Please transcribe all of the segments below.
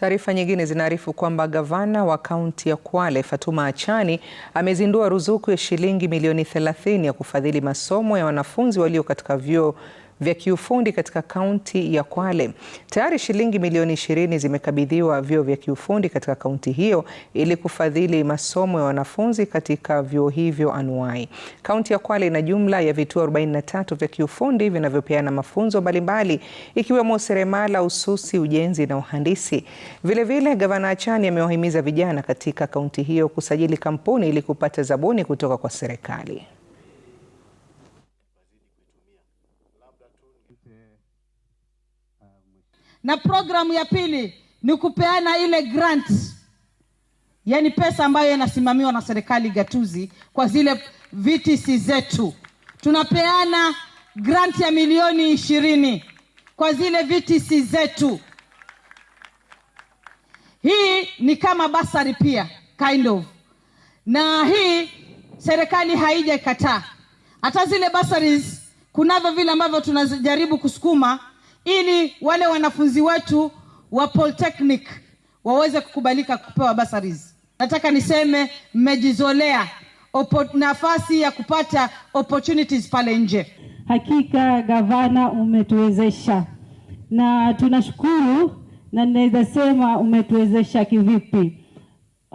Taarifa nyingine zinaarifu kwamba gavana wa kaunti ya Kwale Fatuma Achani amezindua ruzuku ya shilingi milioni 30 ya kufadhili masomo ya wanafunzi walio katika vyuo vya kiufundi katika kaunti ya Kwale. Tayari shilingi milioni ishirini zimekabidhiwa vyuo vya kiufundi katika kaunti hiyo ili kufadhili masomo ya wanafunzi katika vyuo hivyo anuai. Kaunti ya Kwale ina jumla ya vituo 43 vya kiufundi vinavyopeana mafunzo mbalimbali ikiwemo seremala ususi, ujenzi na uhandisi. Vilevile, Gavana Achani amewahimiza vijana katika kaunti hiyo kusajili kampuni ili kupata zabuni kutoka kwa serikali. Na programu ya pili ni kupeana ile grant, yaani pesa ambayo inasimamiwa na serikali gatuzi kwa zile VTC zetu. Tunapeana grant ya milioni ishirini kwa zile VTC zetu. Hii ni kama basari pia kind of, na hii serikali haija ikataa hata zile basaries kunavyo vile ambavyo tunajaribu kusukuma ili wale wanafunzi wetu wa polytechnic waweze kukubalika kupewa bursaries. Nataka niseme mmejizolea nafasi ya kupata opportunities pale nje. Hakika gavana, umetuwezesha na tunashukuru, na ninaweza sema umetuwezesha kivipi?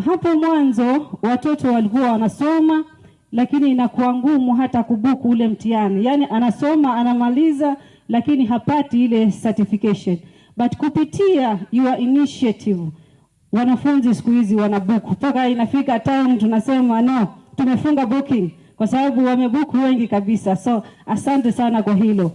Hapo mwanzo watoto walikuwa wanasoma lakini inakuwa ngumu hata kubuku ule mtihani. Yaani anasoma anamaliza, lakini hapati ile certification. But kupitia your initiative wanafunzi siku hizi wanabuku mpaka inafika time tunasema no, tumefunga booking kwa sababu wamebuku wengi kabisa. So asante sana kwa hilo.